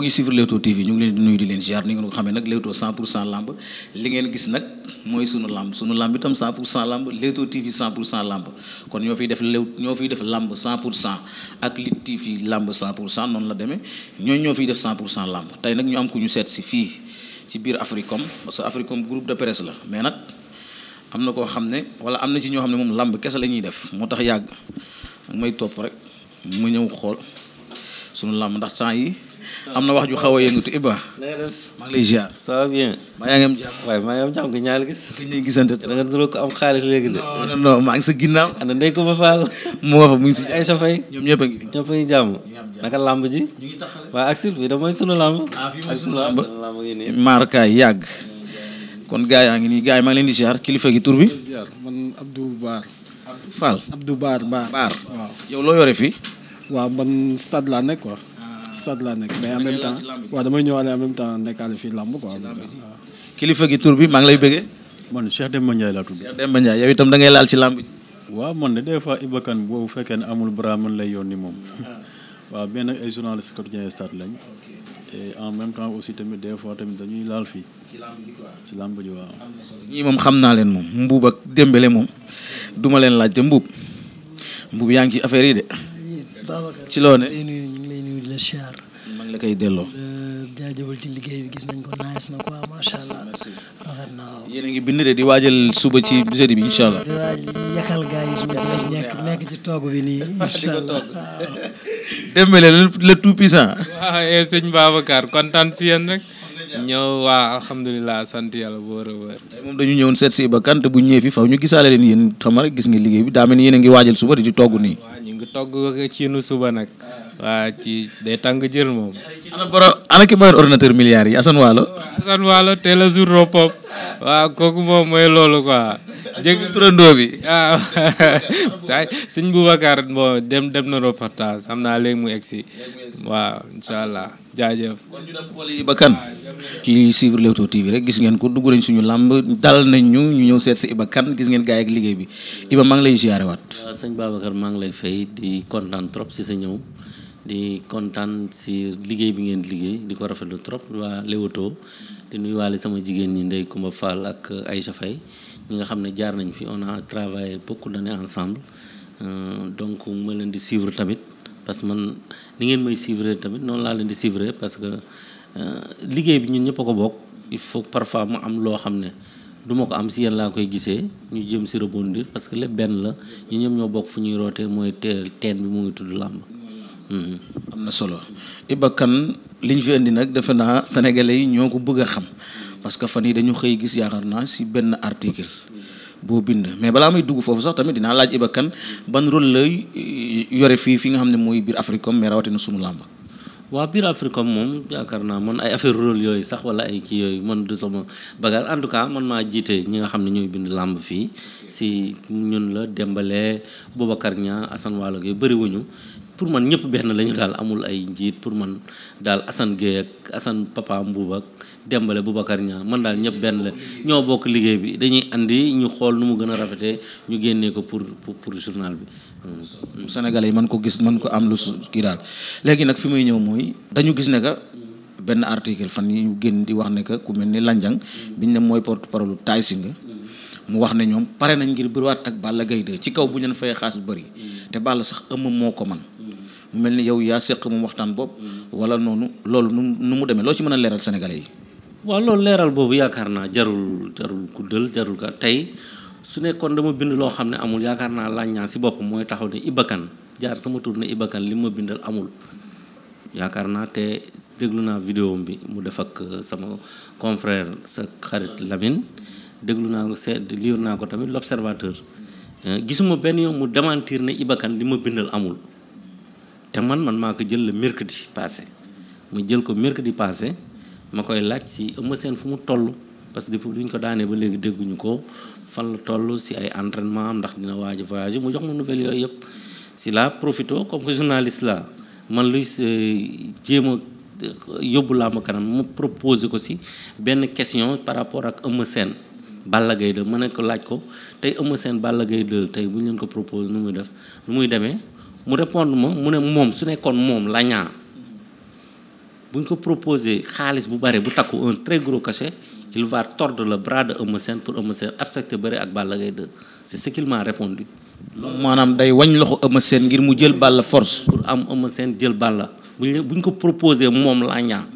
ku suivre Leewtoo TV ñu ngi leen di nuyu di leen ziar ni ngeen ko xamee nag Leewtoo 100 pour cent lamb li ngeen gis nag mooy sunu lamb sunu lamb def lew ñoo fiy def lamb 100 pour cent ak li TV lamb 100 pour cent noonu la demee ñooñu ñoo fiy def lamb tey nag ñu am ku seet si fii ci biir Africom parce que Africom groupe de presse la mais nag am na koo xam ne wala am na ci ñoo xam ne moom lamb kese la ñuy def moo tax yàgg may topp rek mu ñëw xool sunu lamb ndax temps am na wax ju xaw a yëngatu Iba. maa ngi lay ziar. ça va bien. maa yaa ngi am jàmm. waaye maa ngi am jàmm ñaar ko am xaalis léegi de. maa ngi sa ginnaaw. ana ndey ko ba faal. mu nga fa mu ngi si ay safay. ñoom a a da mooy sunu làmb. ah fii yàgg. kon gars yaa ngi ni gars yi maa leen di kilifa gi tur bi. man Abdou Baar. Abdou Fall Abdou Baar Baar. yow loo yore fi waaw man stade la nekk quoi stade laa nekk mais en même temps waaw damay ñëwaale en même temps nekkaale fii làmb quoi. kilifa gi tur bi maa ngi lay bëggee. man Cheikh Demba Ndiaye laa tudd. Cheikh Demba Ndiaye yow itam da laal ci làmb. waaw man de des Iba Kane boobu fekkee ne amul bras man lay yónni moom. Ah. waaw bien nag ay journaliste quotidien stade lañ. et en même temps aussi tamit des fois tamit dañuy laal fii. ci làmb làmb ji waaw. ñii moom xam naa leen moom mbuub ak démbele moom duma leen laaj te mbuub mbuub yaa ngi ci affaire yi de. ci loo siyaar. maa ngi la koy delloo. jaajëfal ci liggéey bi gis nañ ko nice na quoi macha allah. na waaw. a ngi bind de di waajal suba ci jeudi bi incha allah. di waaj yàqal gars yi suba ci nekk nekk ci toog bi nii. incha allah le tout puissant. waaw eh, sëñ Babacar kontaan si yéen rek. ñëw waa alhamdulilah sant yàlla bu a wër moom dañu ñëwoon seet si Iba Kane te bu ñëwee fi faw ñu gisaale leen yéen xam nga rek gis nga liggéey bi daa ni yéen a ngi waajal suba di togg nii ngi togg ciinu suba nag waa ci day tàng jër moom. ana borom ana ki mooy ordinateur milliards yi Assane Waalo. Assane Waalo a ropop waaw kooku moom mooy loolu quoi. jëg turandoo bi waaw ah, saa sëñ Boubacar bon dem dem na reportage am naa léegi mu egsi waaw incha allah jaajëf. kon ñu dem xool yi TV rek gis ngeen ko dugg nañ suñu làmb dal nañ ñu ñu ñëw seet si Ibakan gis ngeen gaay ak Iba maa ngi lay ziare waat. waaw sëñ Babacar maa ngi lay di kontaan trop si sa ñëw di kontaan si liggéey bi ngeen liggéey di ko rafetlu trop waa Leewtoo di nuyuwaale sama jigéen ñi Ndeye Kumba Fall ak Aïcha Faye ñi nga xam ne jaar nañ fi on a travaillé beaucoup d'années ensemble euh, donc ma leen di suivre tamit parce que man ni ngeen mooy suivre tamit noonu laa leen di suivre parce que euh, liggéey bi ñun ñëpp ko bokk il faut parfois mu am loo xam ne. du ma ko am si yéen laa koy gisee ñu jëm si rebondir parce que lépp benn la ñu ñoom ñoo bokk fu ñuy rootee mooy teen bi mu ngi tudd làmb. Hmm. am na solo Iba Kane li ñu fi indi nag defe naa sénégalais yi ñoo ko bëgg a xam parce que fan yi dañu xëy gis yaakaar naa si benn article boo bind mais balaa may dugg foofu sax tamit dinaa laaj Iba Kane ban rôle lay eh, yore fii fii nga xam ne mooy biir Africom mais rawatina sunu làmb. waa biir Afrique moom yaakaar naa man ay affaire role yooyu sax wala ay kii yooyu mën du sama bagage en tout cas man maa jiite ñi nga xam ne ñooy bind làmb fii si ñun la dembalee Boubacar Niang Assane Waalo gi bariwuñu pour man ñëpp benn lañu daal amul ay njiit pour man daal Assane Gueye ak Assane Papa Mboup ak Dembale Boubacar Niang man daal ñëpp benn la ñoo bokk liggéey bi dañuy andi ñu xool nu mu gën a rafetee ñu génnee ko pour pour journal bi. Sénégalais yi man ko gis man ko am lu kii daal léegi nag fi muy ñëw mooy dañu gis ne que benn article fan yi ñu génn di wax ne que ku mel ni Lanjang biñ ne mooy porte parole Tay Shinger mu wax ne ñoom pare nañ ngir bëriwaat ak Balla Gaye 2 ci kaw bu ñu leen fayee bu bëri te Balla sax ëmm moo ko man mel ni yow yaa séq mu waxtaan boobu mm-hmm. wala noonu loolu nu nu mu demee loo ci mën a leeral sénégalais yi waaw loolu leeral boobu yaakaar naa jarul jarul guddal jarul ka tey su nekkoon dama bind loo xam ne amul yaakaar naa làññaa si bopp mooy taxaw ne ibakan jaar sama tur ne ibakan li ma bindal amul yaakaar naa te déglu naa vidéo bi mu def ak euh, sama confrère sa xarit Lamine déglu naa ko seet liir naa ko tamit l'observateur euh, gisuma benn yoon mu démentir ne ibakan li ma bindal amul te man man maa ko jël le mercredi passé ma jël ko mercredi passé ma koy laaj si Eumeu Sène fu mu toll parce que depuis bi ñu ko daanee ba léegi dégguñu ko fan la toll si ay entraînement am ndax dina waaj a voyager mu jox ma nouvelle yooyu yëpp si la profito comme que journaliste la man luy euh, jéem a euh, yóbbu laa ma kanam ma proposé ko si benn question par rapport ak Eumeu Sène Balla Gaye 2 ma nekk laaj ko tey Eumeu Sène Balla Gaye 2 tey bu ñu leen ko proposé nu muy def nu muy demee mu répondre ma mu ne moom su nekkoon moom lañaa buñ ko proposé xaalis bu bare bu takku un très gros cachet il va tordre le bras de Eumeu Sène pour Eumeu Sène accepter bëre ak Balla Gaye 2 c'est ce qu'il m'a répondu. maanaam day wañ loxo Eumeu Sène ngir mu jël Balla force. pour am Eumeu Sène jël Balla buñ ñu ko proposé moom lañaa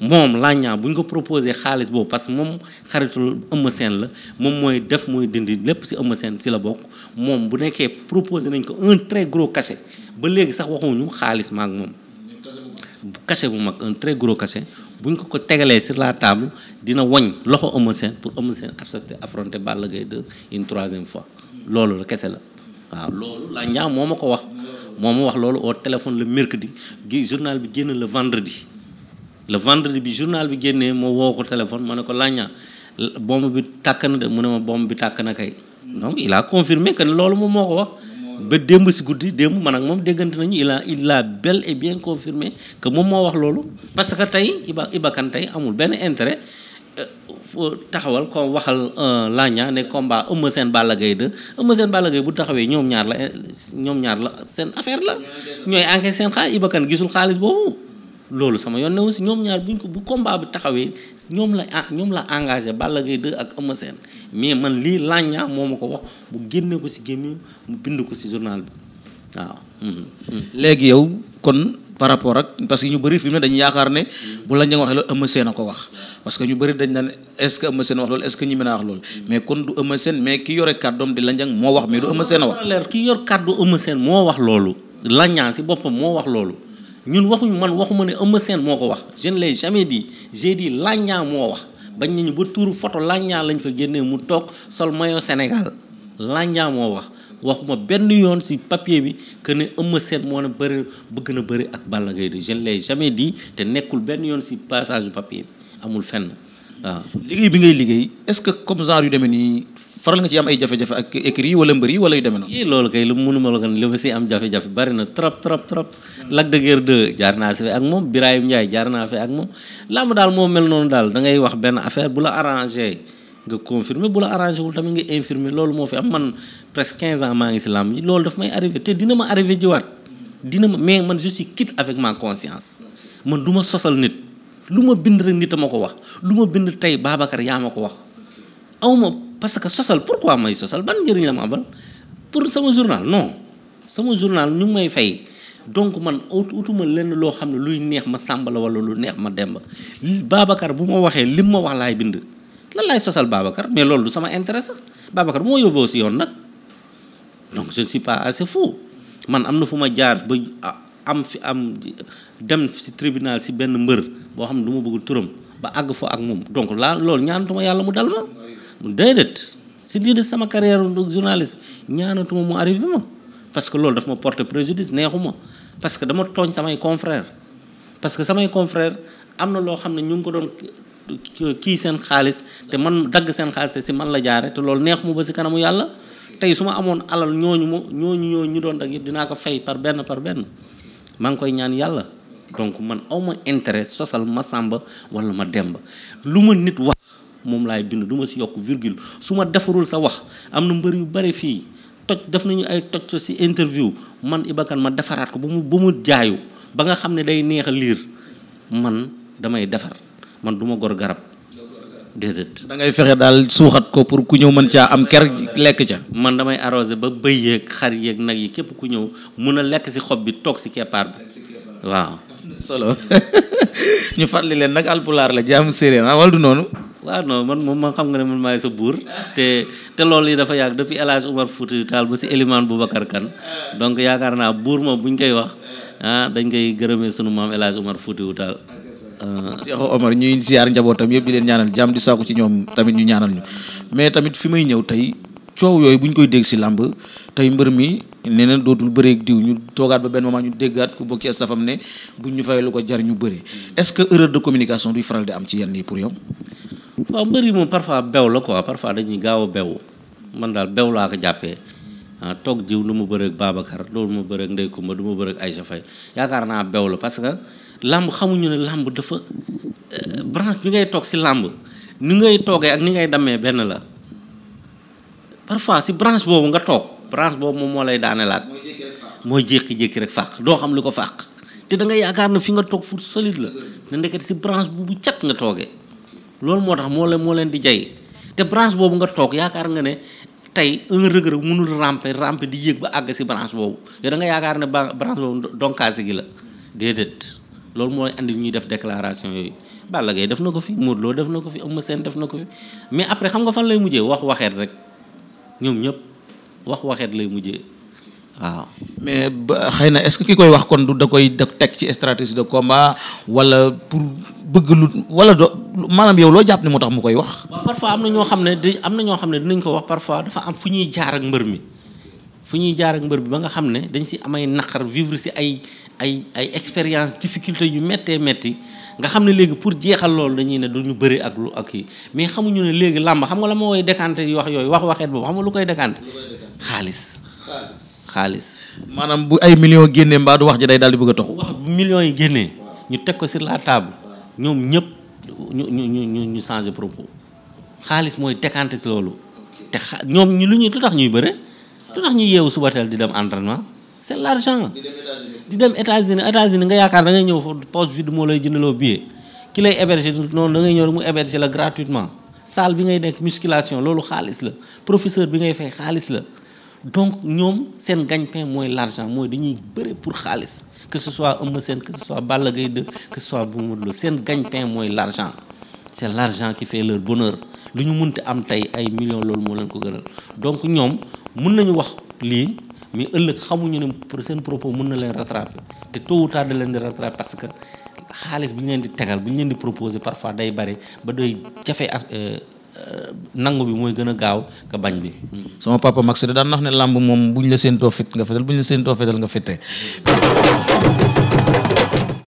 moom Lagna bu ñu ko proposé xaalis boobu parce que moom xaritul Eumeu Sène la moom mooy def mooy dindi lépp ci Eumeu Sène ci la bokk moom bu nekkee proposé nañ ko un très gros kase ba léegi sax waxuñu xaalis maak moom kase bu mag un très gros kase buñ ko ko tegalee sur la table dina wañ loxo Eumeu Sène pour Eumeu seen accepter affronter Balla Gaye de une troisième fois loolu la kese la waaw loolu Lagna moo ma ko wax moo ma wax loolu au téléphone le mercredi gi journal bi génn le vendredi le vendredi bi journal bi génnee moo woo ko téléphone ma ne ko laaña bombe bi tàkk na de mu ne ma bombe bi tàkk na kay donc il a confirmé que loolu moom moo ko wax ba démb si guddi démb man ak moom déggante nañu il a il a bel et bien confirmé que moom moo wax loolu parce que tey Iba Iba Kane tey amul benn intérêt euh, euh, taxawal comme waxal euh, laaña ne combat Eumeu Sène Balla Gaye 2 Eumeu Sène Balla Gaye bu taxawee ñoom ñaar la ñoom ñaar la seen affaire la ñooy enquête seen xaalis Iba loolu sama yoon ne aussi ñoom ñaar buñ ko bu combat bi taxawee ñoom la ah, ñoom la engagé Balla Gaye 2 ak Eumeu Sène mais man lii làññaa moo ma ko wax bu génne ko ci gémmiñ mu bind ko ci journal bi waaw. Mhm, mhm. léegi yow kon par rapport ak parce que ñu bëri fi mu yaakaar ne bu la nga waxee loolu Eumeu ko wax parce que ñu bëri dañ naan est-ce que Eumeu Sène wax loolu est mhm. mais kon ki yore kàddoom di moo wax mais du Eumeu a leer ki yor kàddu Eumeu seen moo wax loolu. laññaa ci boppam moo wax loolu. ñun waxuñu man waxuma ne Eumeu Sène moo ko wax je ne l'ai jamais dit moo wax bañ nañu ba tuuru photo Lagna lañ fa génnee mu toog sol maillot Sénégal Lagna moo wax waxuma benn yoon ci papier bi que ne Eumeu Sène moo ne bëri bëgg na bëri ak Balla Gaye de je ne l'ai jamais te nekkul benn yoon ci passage papier bi amul fenn waaw. liggéey bi ngay liggéey est comme genre yu demee nii faral nga ci am ay jafe-jafe ak écrits yi wala mbër yi wala yu demee noonu. yii loolu kay lu la ko li ma si am jafe-jafe na trop trop trop. Lac jaar naa si ak moom Birayim Ndiaye jaar naa fi ak moom. làmb daal moo mel noonu daal da ngay wax benn affaire bu arrangé nga confirmer bu la arrangé wul tamit nga infirmer loolu moo fi am man presque 15 ans maa ngi si làmb ji loolu daf may arrivé te dina ma arrivé dina ma mais man je suis quitte avec ma conscience man duma sosal nit lu ma bind rek nit a ma ko wax lu ma bind tey Babacar yaa ma ko wax aw parce que sosal pourquoi may sosal ban njëriñ la ma abal pour sama journal non sama journal ñu may fay donc man utuma lenn loo xam ne luy neex ma Samba la wala lu neex ma Demba Babacar bu ma waxee lim ma wax laay bind lan laay sosal Babacar mais loolu du sama intérêt sax Babacar bu ma si yoon nag donc je ne suis pas assez fou man am na fu ma jaar ba am fi am dem si tribunal si benn mbër boo xam ne du ma bëgg turam ba àgg fa ak moom donc laa loolu mu déedéet si diir sama carrière journaliste ñaanatuma mu arrivé ma parce que loolu daf ma porter préjudice neexuma parce que dama tooñ samay confrères parce que samay confrères am na loo xam ne ñu ngi ko doon kii seen xaalis te man dagg seen xaalis te si man la jaare te loolu neexuma ba si kanamu yàlla tey su ma amoon alal ñooñu mu ñooñu ñooñu ñu doon dagg yëpp dinaa ko fay par benn par benn maa ngi koy ñaan yàlla donc man awma intérêt sosal ma sàmba wala ma demba moom laay bind duma ma si yokk virgule su ma defarul sa wax am na mbër yu bare fii toj def nañu ay toj si interview man Iba ma defaraat ko ba mu ba mu jaayu ba nga xam ne day neex a liir man damay defar man duma gor garab déedéet. dangay fexe daal suuxat ko pour ku ñëw mën caa am ker lekk ca. man damay arrosé ba bëy yeeg xar yéeg nag yi képp ku ñëw mun a lekk si xob bi toog si keppaar bi waaw. solo ñu fàttali leen nag alpulaar la jaamu séeréer ah noonu. waaw non man moom man xam nga ne man maay sa buur te te loolu yi dafa yàgg depuis El Hadj Oumar Foutiyou ba si Elimane Boubacar Kane donc yaakaar naa buur moom bu ñu koy wax ah dañ koy gërëmee sunu maam El Hadj Oumar Foutiyou Tall. Ah. Cheikh Omar ñuy ziar njabootam yëpp di leen ñaanal jàmm di sàkku ci ñoom tamit ñu ñaanal mais tamit fi may ñëw tey coow yooyu bu ñu koy dégg si làmb tey mbër mi nee na dootul bëreeg diw ñu toogaat ba benn moment ñu déggaat ku bokk ci stafam ne buñ ñu fay lu ko jar ñu bëri est-ce que erreur communication duy faral di am ci yenn yi pour yow waaw mbër yi moom parfois bew la quoi parfois dañuy gaaw a bew man daal bew laa ko jàppee ah toog jiw du ma bëreeg Babacar loolu ma bëreeg Ndeye Coumba du ma bëreeg Aïcha yaakaar naa bew la parce que làmb xamuñu ne làmb dafa euh, branche bi ngay toog si làmb ni ngay toogee ak ni ngay demee benn la parfois si branche boobu nga toog branche boobu moom moo lay daanelaat mooy jékki-jékki rek fàq doo xam lu ko fàq te da nga yaakaar na fi nga toog fu solide la ne ndeket si branche bu bu cat nga toogee loolu moo tax moo leen moo leen di jay te branche boobu nga toog yaakaar nga ne tey un Reug Reug mënul ramper ramper di yéeg ba àgg si branche boobu yow da nga yaakaar ne branche boobu donkaasi gi la déedéet loolu mooy andi ñuy def déclaration yooyu Balla Gaye def na ko fi Modou Lo def na ko fi Eumeu seen def na ko fi mais après xam nga fan lay mujjee wax waxeet rek ñoom ñëpp wax waxeet lay mujjee waaw. mais ba xëy na est-ce que ki koy wax kon du da koy teg ci stratégie de combat wala pour. bëgg lu maanaam yow loo jàpp ne moo tax mu koy wax. waaw parfois am na ñoo xam ne di am na ñoo xam ne dinañ ko wax parfois dafa am fu ñuy jaar ak mbër mi fu ñuy jaar ak mbër bi ba nga xam ne dañ si amay naqar vivre ay ay ay expérience difficulté yu méttee métti nga xam ne léegi pour jeexal loolu dañuy ne du ñu bëri ak lu ak kii mais xamuñu ne léegi làmb xam nga la moo koy décanté wax yooyu wax waxeet boobu xam nga lu koy décanté xaalis. xaalis maanaam bu ay million génnee mbaa du wax ji day di bëgg a taxu wax yi génnee ñu teg ko sur la table ñoom ñëpp ñu ñu ñu ñu ñu changé propos xaalis mooy tekkante si loolu. te xa ñoom ñu lu ñuy lu tax ñuy bëre. Ah. lu tax ñuy yeewu suba teel di dem entraînement. c' est l' di dem États-Unis États-Unis nga yaakaar da ngay ñëw foofu poche vide moo lay jëndaloo billet ki lay noonu da ngay ñëw mu héberger la gratuitement salle bi ngay nekk musculation loolu xaalis la professeur bi ngay fay xaalis la. donc ñoom seen gagne-pain mooy l'argent mooy dañuy bëre pour xaalis que ce soit Eumeu Sène que ce soit Balla Gaye 2 que ce soit Modou Lô seen gagne-pain mooy l'argent c'est l'argent qui fait leur bonheur lu ñu mënti am tey ay millions loolu moo leen ko gënal donc ñoom mun nañu wax lii mais ëllëg xamuñu pour seen propos mun na leen rattraper te tôt ou tard da leen di rattraper parce que xaalis bi ñu leen di tegal bu ñu leen di proposer parfois day bare ba day jafe euh, Euh, nangu bi mooy gën a gaaw ka bañ bi. sama papa Max da daan nax ne làmb moom bu ñu la séentoo fit nga fetal buñ la séentoo fetal nga fette.